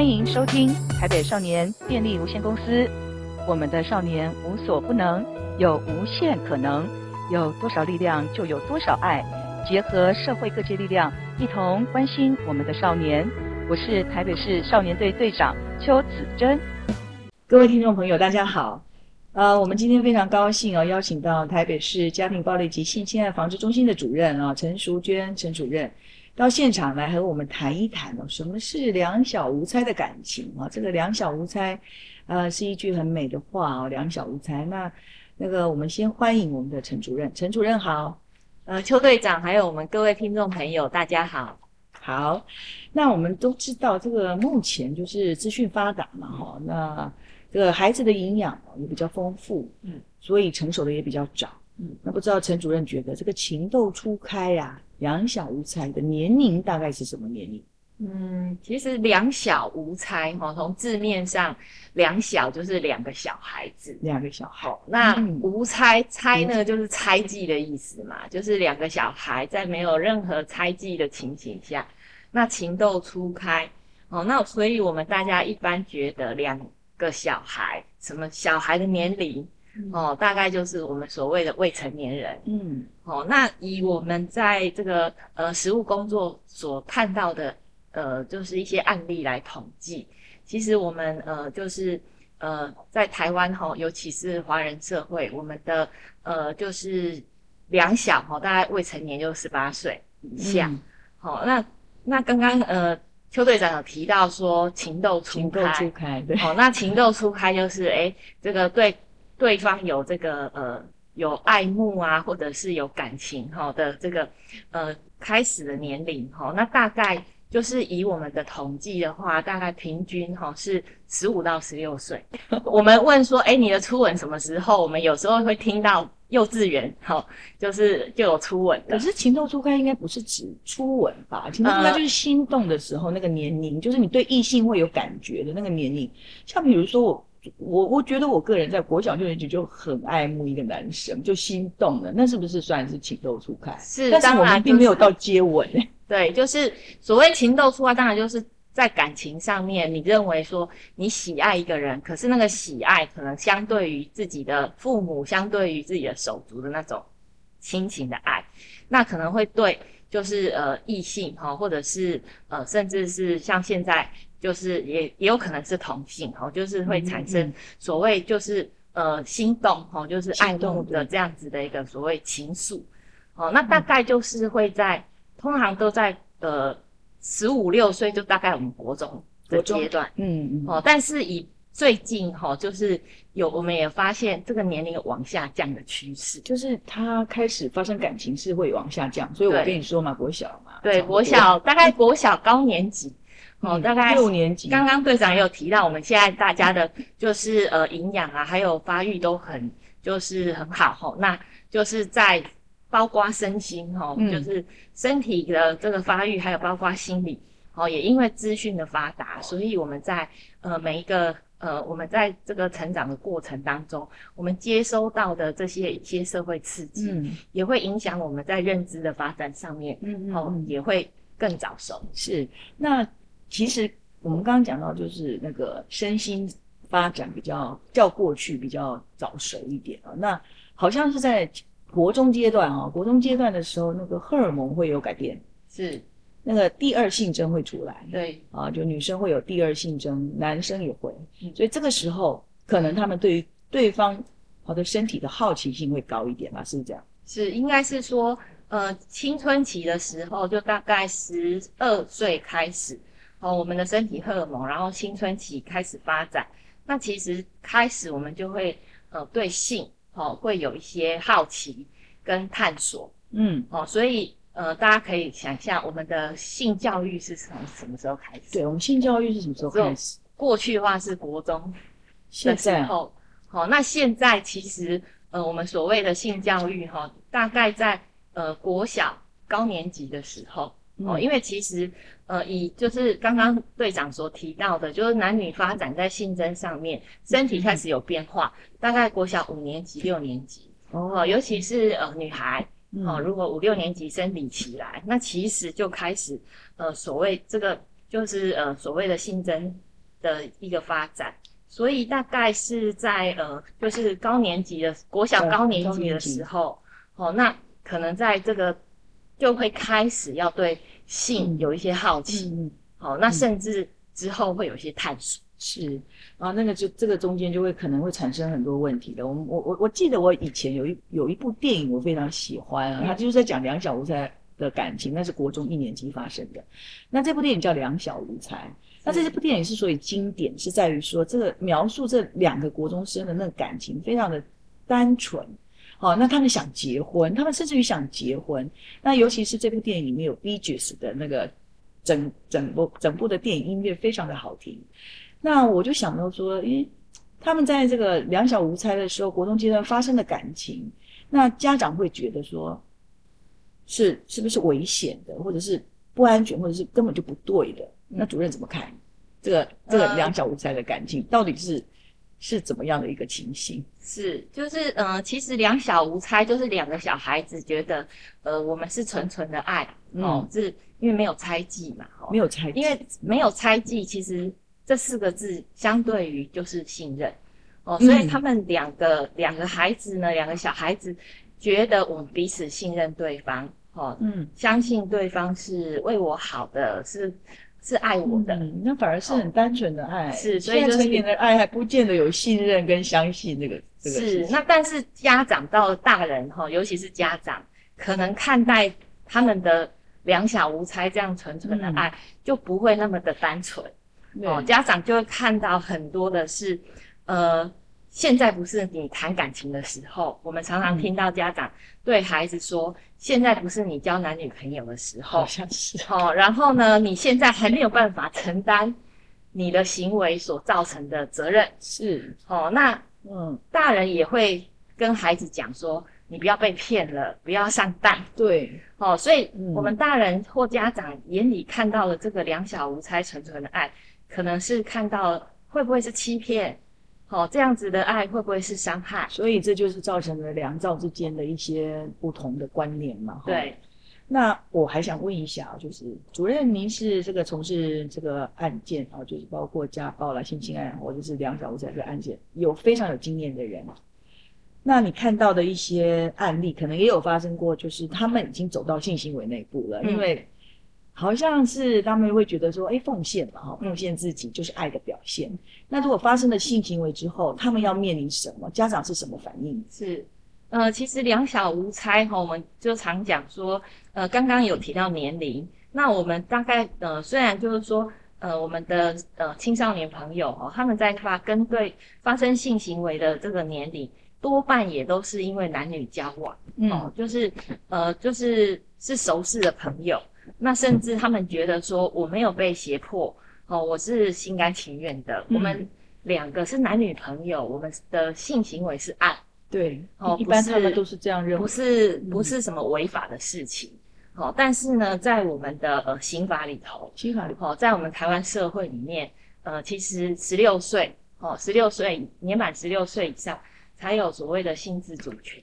歡迎收聽臺北少年電力無限公司，我們的少年無所不能，有無限可能，有多少力量就有多少愛，結合社會各界力量，一同關心我們的少年。我是臺北市少年隊隊長邱子珍。各位聽眾朋友，大家好。呃，我們今天非常高興啊、哦，邀請到臺北市家庭暴力及性侵害防治中心的主任啊，陳淑娟陳主任。到現場來和我們談一談哦，什麼是兩小無猜的感情啊？這個兩小無猜，呃，是一句很美的話哦。兩小無猜，那那個我們先歡迎我們的陳主任，陳主任好，呃，邱隊長，還有我們各位聽眾朋友，大家好。好，那我們都知道，這個目前就是資訊發達嘛，哈、嗯，那這個孩子的營養也比較豐富，嗯，所以成熟的也比較早，嗯。那不知道陳主任覺得這個情竇初開呀、啊？兩小無猜的年齡大概是什麼年齡？嗯，其實兩小無猜哈，從字面上，兩小就是兩個小孩子，兩個小孩。好、哦，那無猜、嗯、猜呢，就是猜忌的意思嘛，就是兩個小孩在沒有任何猜忌的情形下，那情竇初開。哦，那所以我們大家一般覺得兩個小孩，什麼小孩的年齡？哦，大概就是我們所謂的未成年人。嗯，好、哦，那以我們在這個呃實務工作所看到的呃，就是一些案例來統計，其實我們呃，就是呃，在台灣哈，尤其是華人社會，我們的呃，就是兩小哈、哦，大概未成年就十八歲以下。好、嗯哦，那那剛剛呃，邱隊長有提到說情竇初開情竇初開，對。好、哦，那情竇初開就是誒、 欸，這個對。對方有這個呃有愛慕啊，或者是有感情哈、哦、的這個呃開始的年齡哈、哦，那大概就是以我們的統計的話，大概平均哈、哦、是十五到十六歲。 我們問說，哎，你的初吻什麼時候？我們有時候會聽到幼稚園哈、哦，就是就有初吻的。可是情竇初開應該不是指初吻吧？情竇初開就是心動的時候那個年齡，uh, 就是你對異性會有感覺的那個年齡。像比如說我。我我覺得我個人在國小六年級就很愛慕一個男生，就心動了。那是不是算是情竇初開？是，但是我們、就是、並沒有到接吻、欸。對，就是所謂情竇初開，當然就是在感情上面，你認為說你喜愛一個人，可是那個喜愛可能相對於自己的父母，相對於自己的手足的那種親情的愛，那可能會對。就是呃異性哈、哦，或者是呃甚至是像現在就是也也有可能是同性哈、哦，就是會產生所謂就是呃心動哈、哦，就是愛慕的這樣子的一個所謂情愫。哦，那大概就是會在、嗯、通常都在呃十五六歲就大概我們國中的階段，嗯，嗯哦，但是以。最近哈，就是有我們也發現這個年齡有往下降的趨勢，就是他開始發生感情是會往下降，所以我跟你說嘛，對國小嘛，對，國小大概國小高年級，哦、嗯喔，大概六年級。剛剛隊長也有提到，我們現在大家的，就是呃營養啊，還有發育都很就是很好哈、喔。那就是在包括身心哈，喔嗯、就是身體的這個發育，還有包括心理，哦、喔，也因為資訊的發達，所以我們在呃每一個。呃，我們在這個成長的過程當中，我們接收到的這些一些社會刺激，嗯，也會影響我們在認知的發展上面，嗯，嗯嗯，好，也會更早熟。是，那其實我們剛剛講到，就是那個身心發展比較較過去比較早熟一點啊，哦。那好像是在國中階段啊，哦，國中階段的時候，那個荷爾蒙會有改變，是。那個第二性徵會出來，對，啊，就女生會有第二性徵，男生也會，嗯，所以這個時候可能他們對於對方，的，嗯，身體的好奇心會高一點吧，是不是這樣？是，應該是說，呃，青春期的時候，就大概十二歲開始，哦，我們的身體荷爾蒙，然後青春期開始發展，那其實開始我們就會，呃，對性，哦，會有一些好奇跟探索，嗯，哦，所以。呃，大家可以想一下，我們的性教育是從什麼時候開始？對，我們性教育是什麼時候開始？過去的話是國中的時候。現在。好，那現在其實呃，我們所謂的性教育哈、哦，大概在呃國小高年級的時候哦，嗯、因為其實呃以就是剛剛隊長所提到的，就是男女發展在性徵上面，嗯、身體開始有變化，大概國小五年級、六年級哦，尤其是呃女孩。哦，如果五六年級生理起來，那其實就開始呃，所謂這個就是呃，所謂的性徵的一個發展。所以大概是在呃，就是高年級的國小高年級的時候，哦，那可能在這個就會開始要對性有一些好奇。嗯嗯嗯、哦，那甚至之後會有一些探索。是，啊，那個就這個中間就會可能會產生很多問題的。我我我記得我以前有一有一部電影我非常喜歡啊，它就是在講兩小無猜的感情，那是國中一年級發生的。那這部電影叫《兩小無猜》。那這部電影之所以經典，是在於說這個描述這兩個國中生的那個感情非常的單純。好、哦，那他們想結婚，他們甚至於想結婚。那尤其是這部電影裡面有 Bee Gees 的那個整整部整部的電影音樂非常的好聽。那我就想到說，誒、欸，他們在這個兩小無猜的時候，國中階段發生的感情，那家長會覺得說，是是不是危險的，或者是不安全，或者是根本就不對的？那主任怎麼看這個這個兩小無猜的感情，到底是、呃、是怎麼樣的一個情形？是，就是，嗯、呃，其實兩小無猜就是兩個小孩子覺得，呃，我們是純純的愛，嗯、哦，是因為沒有猜忌嘛，哦，沒有猜忌，因為沒有猜忌，其實。這四個字，相對於就是信任哦，所以他們兩個、嗯、兩個孩子呢，兩個小孩子覺得我們彼此信任對方，哦，嗯，相信對方是為我好的，是是愛我的、嗯，那反而是很單純的愛，哦、是，所以成年人的愛還不見得有信任跟相信那、這個，是。這個那但是家長到大人哈、哦，尤其是家長，可能看待他們的兩小無猜這樣純純的愛，嗯、就不會那麼的單純。哦，對家長就會看到很多的是，呃，現在不是你談感情的時候。我們常常聽到家長對孩子說：“現在不是你交男女朋友的時候。”好像是。哦，然後呢，你現在還沒有辦法承擔你的行為所造成的責任。是。哦，那嗯，大人也會跟孩子講說：“你不要被騙了，不要上當。”對。哦，所以我們大人或家長眼裡看到了這個兩小無猜沉沉、純純的愛。可能是看到會不會是欺騙，好，這樣子的愛會不會是傷害？所以這就是造成了兩造之間的一些不同的關聯嘛。對，那我還想問一下，就是主任，您是這個從事這個案件啊，就是包括家暴啦、性侵案，或、就、者是兩小無猜這個案件，有非常有經驗的人。那你看到的一些案例，可能也有發生過，就是他們已經走到性行為那一步了，嗯、因為。好像是他們會覺得說，哎、欸，奉獻嘛，哈，奉獻自己就是愛的表現。嗯、那如果發生了性行為之後，他們要面臨什麼？家長是什麼反應？是，呃，其實兩小無猜哈，我們就常講說，呃，剛剛有提到年齡，那我們大概呃，雖然就是說，呃，我們的呃青少年朋友哦，他們在發跟對發生性行為的這個年齡，多半也都是因為男女交往，嗯、哦，就是呃，就是是熟識的朋友。那甚至他們覺得說，我沒有被脅迫，嗯、哦，我是心甘情願的。嗯、我們兩個是男女朋友，我們的性行為是愛，對，哦，一般他們都是這樣認為，不是不是，不是什麼違法的事情。嗯、哦，但是呢，在我們的呃刑法裡頭，刑法裡頭，法哦、在我們台灣社會裡面，呃，其實十六歲，哦，十六歲年滿十六歲以上才有所謂的性自主權。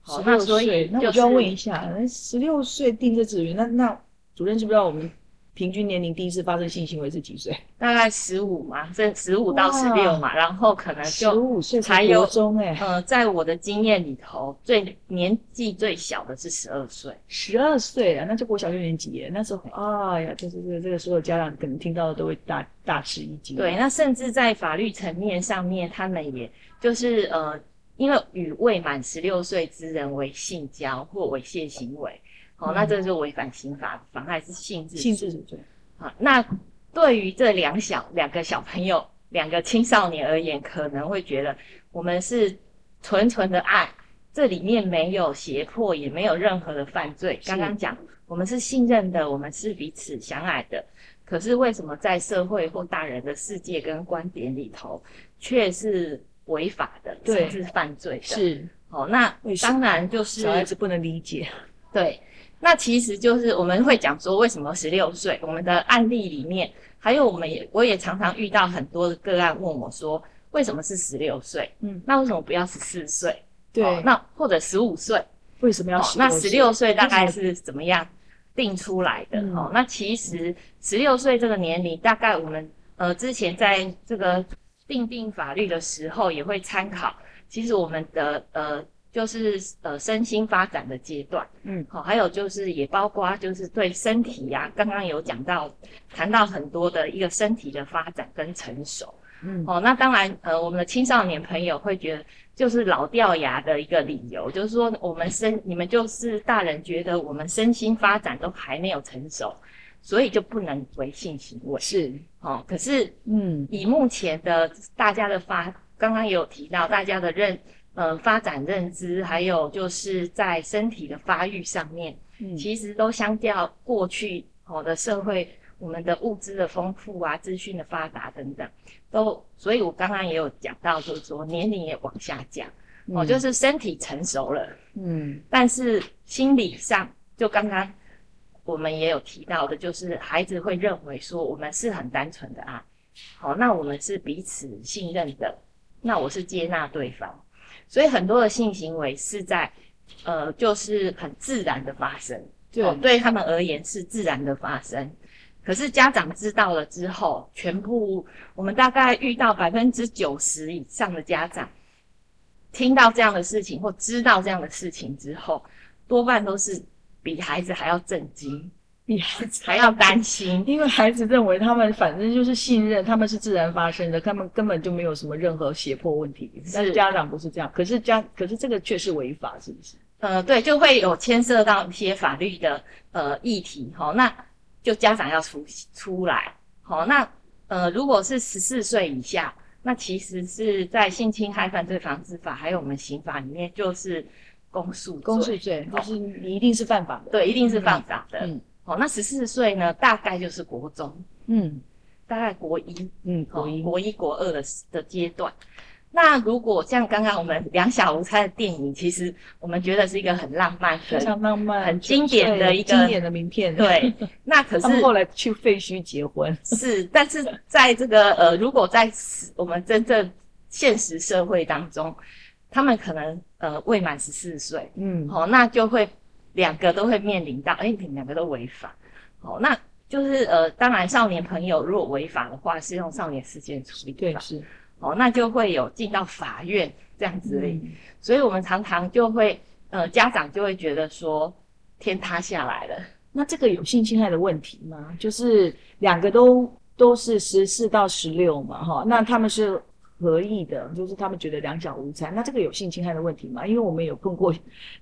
好歲、哦，那所以那我就要問一下，十六歲定制主權，那那。主任，知不知道我們平均年齡第一次發生性行為是幾歲？大概十五嘛，這十五到十六嘛，哇然後可能就十五歲才國中嗯、欸呃，在我的經驗裡頭，最年紀最小的是十二歲。十二歲啊，那就國小六年級耶，那時候。哎呀，就是這個這個，所有家長可能聽到的都會大大吃一驚。對，那甚至在法律層面上面，他們也就是呃，因為與未滿十六歲之人為性交或猥褻行為。好、哦，那這就是違反刑法，妨害是性自主，性自主是罪。好、哦，那對於這兩小兩個小朋友、兩個青少年而言，可能會覺得我們是純純的愛，這裡面沒有脅迫，也沒有任何的犯罪。剛剛講，我們是信任的，我們是彼此相愛的。可是為什麼在社會或大人的世界跟觀點裡頭，卻是違法的，甚至是,的是犯罪的？是。好、哦，那當然就是小孩子不能理解。對。對那其實就是我們會講說，為什麼十六歲？我們的案例裡面，還有我們也我也常常遇到很多的個案問我說，為什麼是十六歲？嗯，那為什麼不要十四歲？對、哦，那或者十五歲？為什麼要十五歲、哦、那十六歲大概是怎麼樣定出來的？嗯、哦，那其實十六歲這個年齡，大概我們呃之前在這個訂定法律的時候也會參考，其實我們的呃。就是呃身心發展的階段，嗯，好，還有就是也包括就是對身體呀、啊，剛剛有講到談到很多的一個身體的發展跟成熟，嗯，哦，那當然呃我們的青少年朋友會覺得就是老掉牙的一個理由，就是說我們身你們就是大人覺得我們身心發展都還沒有成熟，所以就不能為性行為是，哦，可是嗯以目前的大家的發，剛剛、嗯、也有提到大家的認。呃，發展認知，還有就是在身體的發育上面，嗯，其實都相較過去好的社會，我們的物資的豐富啊，資訊的發達等等，都，所以我剛剛也有講到，就是說年齡也往下降，嗯、哦，就是身體成熟了，嗯，但是心理上，就剛剛我們也有提到的，就是孩子會認為說我們是很單純的啊，好，那我們是彼此信任的，那我是接納對方。所以很多的性行為是在，呃，就是很自然的發生，對、哦，對他們而言是自然的發生。可是家長知道了之後，全部我們大概遇到百分之九十以上的家長，聽到這樣的事情或知道這樣的事情之後，多半都是比孩子還要震驚。比還要擔心，因為孩子認為他們反正就是信任，他們是自然發生的，他們根本就沒有什麼任何脅迫問題。是，但是家長不是這樣，可是家，可是這個卻是違法，是不是？呃，對，就會有牽涉到一些法律的對呃議題，好、哦，那就家長要出出來，好、哦，那呃，如果是十四歲以下，那其實是在性侵害犯罪防治法還有我們刑法裡面就是公訴，公訴罪，就是你一定是犯法的，哦、對，一定是犯法的。嗯嗯好、哦，那十四歲呢？大概就是國中，嗯，大概國一，嗯，國一、哦、國一國二的的階段。那如果像剛剛我們兩小無猜的電影，其實我們覺得是一個很浪漫、非常浪漫、很經典的一個經典的名片。對，那可是他們後來去廢墟結婚是，但是在這個呃，如果在我們真正現實社會當中，他們可能呃未滿十四歲，嗯，好、哦，那就會。兩個都會面臨到，哎，你兩個都違法，好、哦，那就是呃，當然少年朋友如果違法的話，是用少年事件處理對吧？對，是，哦，那就會有進到法院這樣子、嗯、所以我們常常就會呃，家長就會覺得說天塌下來了。那這個有性侵害的問題嗎？就是兩個都都是十四到十六嘛，哈、哦，那他們是。合意的，就是他們覺得兩小無猜，那這個有性侵害的問題嗎？因為我們有碰過，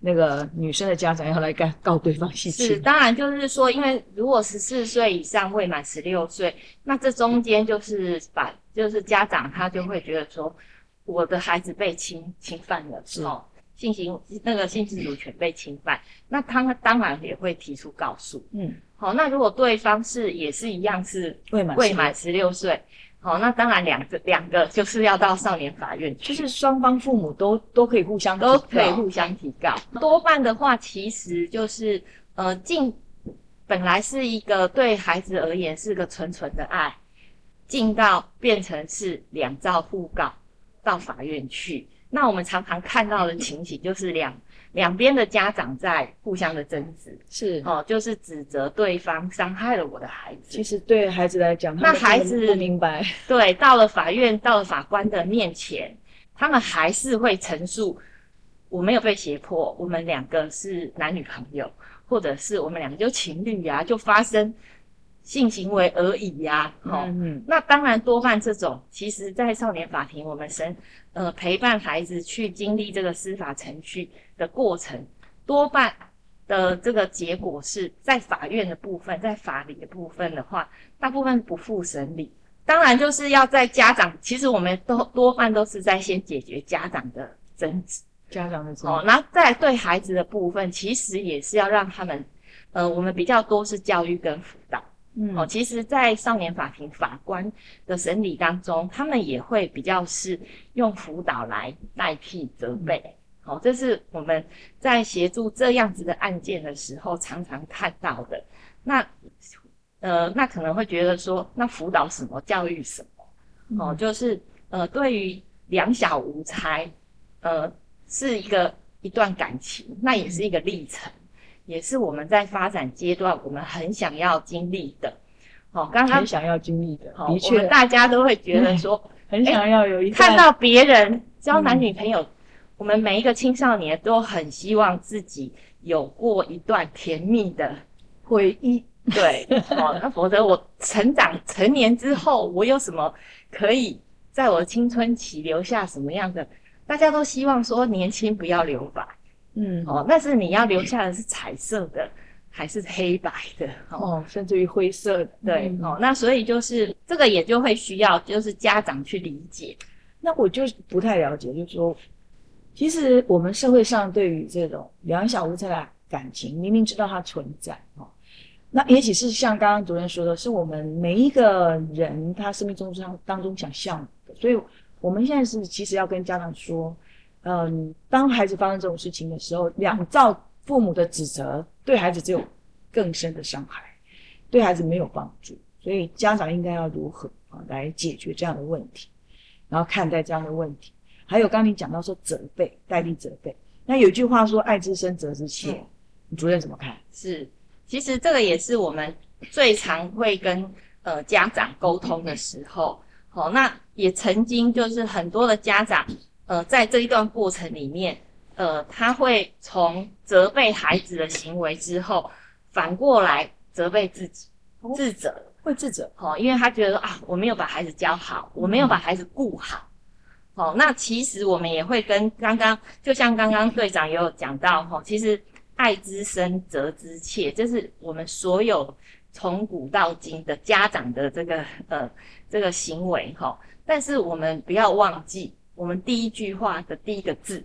那個女生的家長要來告告對方性侵。是，當然就是說，因為如果十四歲以上未滿十六歲，那這中間就是把，就是家長他就會覺得說，我的孩子被侵侵犯了，是哦，性侵那個性自主權被侵犯，那他當然也會提出告訴。嗯，好，哦，那如果對方是也是一樣是未滿十六歲。好、哦，那當然，兩個兩個就是要到少年法院，就是雙方父母都都可以互相提告，都可以互相提告。多半的話，其實就是呃，進，本來是一個對孩子而言是個純純的愛，進到變成是兩造互告到法院去。那我們常常看到的情形就是兩。兩邊的家長在互相的爭執，是哦，就是指責對方傷害了我的孩子。其實對孩子來講，那孩子他不明白。對，到了法院，到了法官的面前，嗯、他們還是會陳述我沒有被脅迫，我們兩個是男女朋友，或者是我們兩個就情侶呀、啊，就發生性行為而已呀、啊。嗯、哦，嗯、那當然，多半這種，其實，在少年法庭，我們審。呃，陪伴孩子去經歷這個司法程序的過程，多半的這個結果是在法院的部分，在法理的部分的話，大部分不付審理。當然，就是要在家長，其實我們都多半都是在先解決家長的爭執，家長的爭執、哦，然後再對孩子的部分，其實也是要讓他們，呃，我們比較多是教育跟輔導。哦，其實，在少年法庭法官的審理當中，他們也會比較是用輔導來代替責備。哦、嗯，這是我們在協助這樣子的案件的時候常常看到的。那呃，那可能會覺得說，那輔導什麼，教育什麼？嗯、哦，就是呃，對於兩小無猜，呃，是一個一段感情，那也是一個歷程。嗯也是我們在發展階段，我們很想要經歷的。好、哦，剛剛很想要經歷的，的確，哦、大家都會覺得說，嗯、很想要有一看到別人交男女朋友，嗯、我們每一個青少年都很希望自己有過一段甜蜜的回憶。對，好、 哦，那否則我成長成年之後，我有什麼可以在我的青春期留下什麼樣的？大家都希望說，年輕不要留白。嗯，哦，但是你要留下的是彩色的， 還是黑白的？哦，哦甚至於灰色的，嗯、對，哦，那所以就是、嗯、這個，也就會需要就是家長去理解。那我就不太了解，就是說，其實我們社會上對於這種兩小無猜的感情，明明知道它存在，哈、哦，那也許是像剛剛主任說的，是我們每一個人他生命中當當中想象的，所以我們現在是其實要跟家長說。嗯，當孩子發生這種事情的時候，兩造父母的指責對孩子只有更深的傷害，對孩子沒有幫助。所以家長應該要如何啊來解決這樣的問題，然後看待這樣的問題？還有剛剛你講到說，責備代替責備，那有句話說“愛之深，責之切”，主任、嗯、怎麼看？是，其實這個也是我們最常會跟呃家長溝通的時候。好、嗯哦，那也曾經就是很多的家長。呃，在這一段過程裡面，呃，他會從責備孩子的行為之後，反過來責備自己，自責、哦、會自責，哈、哦，因為他覺得啊，我沒有把孩子教好，我沒有把孩子顧好，好、嗯哦，那其實我們也會跟剛剛，就像剛剛隊長也有講到，哈、哦，其實愛之深，責之切，這、就是我們所有從古到今的家長的這個呃這個行為，哈、哦，但是我們不要忘記。我們第一句話的第一個字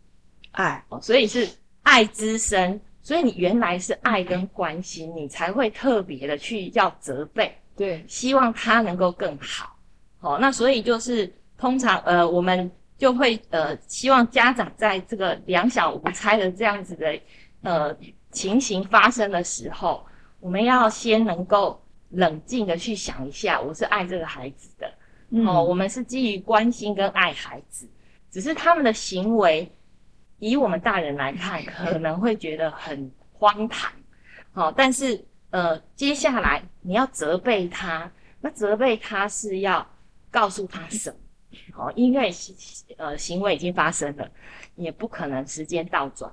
“愛、哦”，所以是“愛之深”，所以你原來是愛跟關心，你才會特別的去要責備。對，希望他能夠更好。好、哦，那所以就是通常呃，我們就會呃，希望家長在這個兩小無猜的這樣子的呃情形發生的時候，我們要先能夠冷靜的去想一下，我是愛這個孩子的。哦，我們是基於關心跟愛孩子，只是他們的行為，以我們大人來看，可能會覺得很荒唐。好、哦，但是呃，接下來你要責備他，那責備他是要告訴他什麼？哦，因為呃，行為已經發生了，也不可能時間倒轉。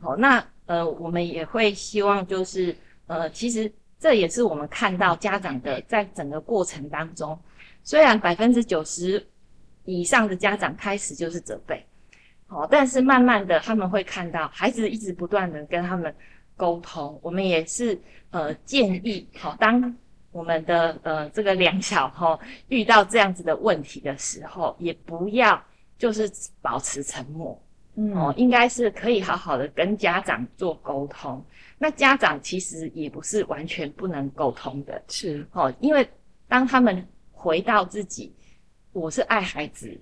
好、哦，那呃，我們也會希望就是呃，其實這也是我們看到家長的在整個過程當中。雖然百分之九十以上的家長開始就是責備，好，但是慢慢的他們會看到孩子一直不斷的跟他們溝通。我們也是呃建議，好，當我們的呃這個兩小哈遇到這樣子的問題的時候，也不要就是保持沉默，哦、嗯，應該是可以好好的跟家長做溝通。那家長其實也不是完全不能溝通的，是哦，因為當他們。回到自己，我是愛孩子，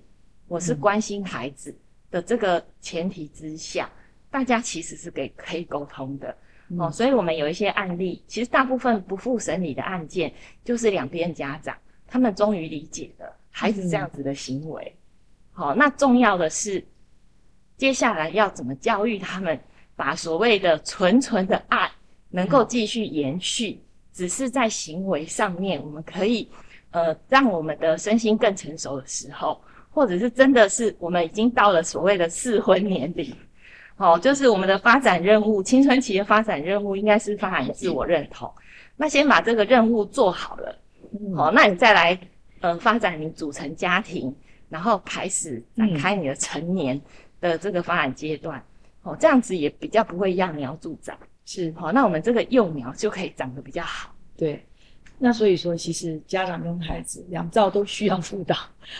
我是關心孩子的這個前提之下，嗯、大家其實是給可以溝通的、嗯、哦。所以，我們有一些案例，其實大部分不付審理的案件，就是兩邊家長、嗯、他們終於理解了孩子這樣子的行為。好、嗯哦，那重要的是，接下來要怎麼教育他們，把所謂的純純的愛能夠繼續延續，嗯、只是在行為上面，我們可以。呃，讓我們的身心更成熟的時候，或者是真的是我們已經到了所謂的適婚年齡，哦，就是我們的發展任務，青春期的發展任務應該是發展自我認同。嗯、那先把這個任務做好了，嗯、哦，那你再來，呃，發展你組成家庭，然後開始展開你的成年的這個發展階段，嗯、哦，這樣子也比較不會揠苗助長。是，哦，那我們這個幼苗就可以長得比較好。對。那所以說，其實家長跟孩子兩造都需要輔導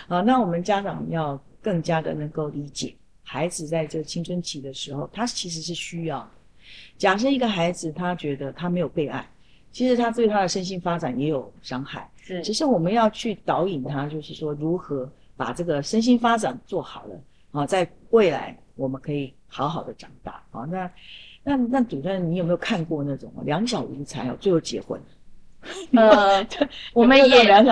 啊。那我們家長要更加的能夠理解，孩子在這個青春期的時候，他其實是需要的。假設一個孩子他覺得他沒有被愛，其實他對他的身心發展也有傷害。是，只是我們要去導引他，就是說如何把這個身心發展做好了啊，在未來我們可以好好的長大啊。那那那主任，你有沒有看過那種兩小無猜哦，最後結婚？呃，我們也我們有兩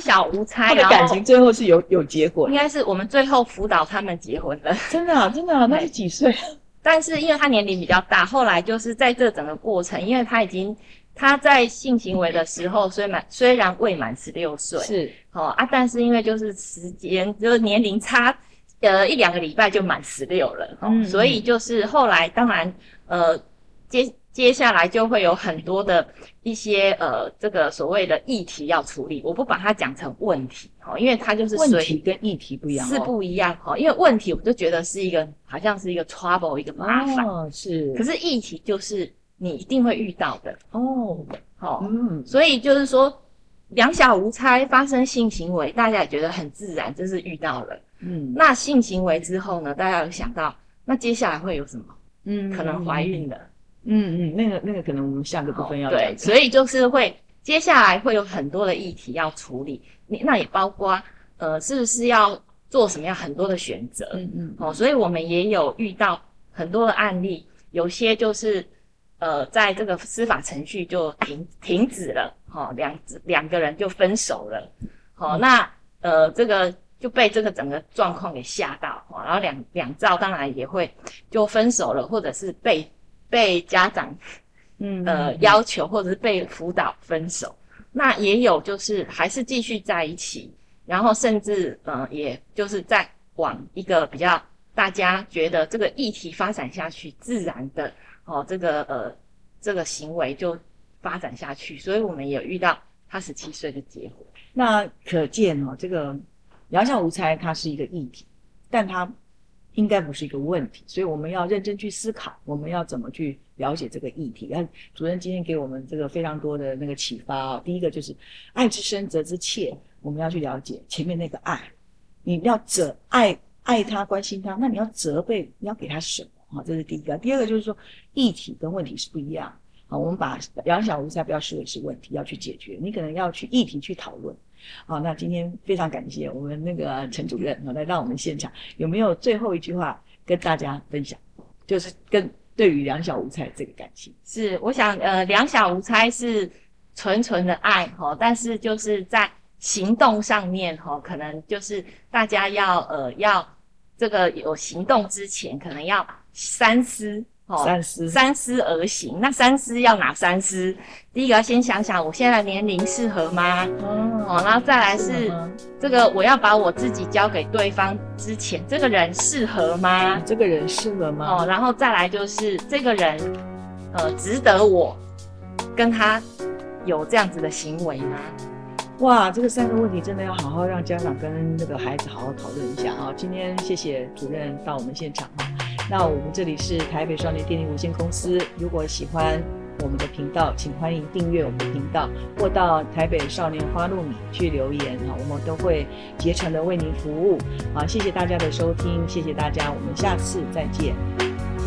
小無猜，的感情最後是有有結果，應該是我們最後輔導他們結婚了。嗯、婚了真的啊，真的啊，那對幾歲？但是因為他年齡比較大，後來就是在這整個過程，因為他已經他在性行為的時候雖，雖滿是雖然未滿十六歲，是哦，啊，但是因為就是時間就是年齡差，呃，一兩個禮拜就滿十六了，嗯、哦，所以就是後來當然呃接。接下來就會有很多的一些呃，這個所謂的議題要處理。我不把它講成問題，哦，因為它就是問題跟議題不一樣，哦，是不一樣哦。因為問題我就覺得是一個，好像是一個 trouble，一個麻煩，哦。是。可是議題就是你一定會遇到的哦。好，哦，嗯，所以就是說兩小無猜發生性行為，大家也覺得很自然，就是遇到了。嗯，那性行為之後呢？大家有想到那接下來會有什麼？嗯，可能懷孕的。嗯嗯，那個那個，可能我們下個部分要、哦、對，所以就是會接下來會有很多的議題要處理，那也包括呃，是不是要做什麼樣很多的選擇？嗯嗯。哦，所以我們也有遇到很多的案例，有些就是呃，在這個司法程序，就停停止了，哈、哦，兩兩個人就分手了。好、哦，那呃，這個就被這個整個狀況給嚇到，然後兩兩造當然也會就分手了，或者是被。被家長，嗯，呃，要求或者是被輔導分手，嗯嗯嗯，那也有就是還是繼續在一起，然後甚至呃，也就是在往一個比較大家覺得這個議題發展下去，自然的哦、呃，這個呃，這個行為就發展下去，所以我們也遇到他十七歲的結果。那可見哦，這個兩小無猜，他它是一個議題，但它，應該不是一個問題，所以我們要認真去思考，我們要怎麼去了解這個議題。主任今天給我們這個非常多的那個啟發啊、哦，第一個就是愛之深責之切，我們要去了解前面那個愛，你要責愛愛他關心他，那你要責備，你要給他什麼，這是第一個。第二個就是說，議題跟問題是不一樣啊。我們把兩小無猜不要視為是問題，要去解決，你可能要去議題去討論。好，那今天非常感謝我們那個陳主任來到我們現場，有沒有最後一句話跟大家分享？就是跟對於兩小無猜這個感情，是我想呃，兩小無猜是純純的愛哈，但是就是在行動上面哈，可能就是大家要呃，要這個有行動之前，可能要三思。哦、三思，三思而行。那三思要哪三思？第一個要先想想，我現在的年齡適合嗎？嗯、哦，然後再來是這個，我要把我自己交給對方之前，這個人適合嗎、嗯？這個人適合嗎？哦，然後再來就是這個人，呃，值得我跟他有這樣子的行為嗎？哇，這個三個問題真的要好好讓家長跟那個孩子好好討論一下啊、哦！今天謝謝主任到我們現場。那我們這裡是台北少年電力無限公司。如果喜歡我們的頻道，請歡迎訂閱我們的頻道，或到台北少年花露米去留言啊，我們都會竭誠的為您服務好、啊，謝謝大家的收聽，謝謝大家，我們下次再見。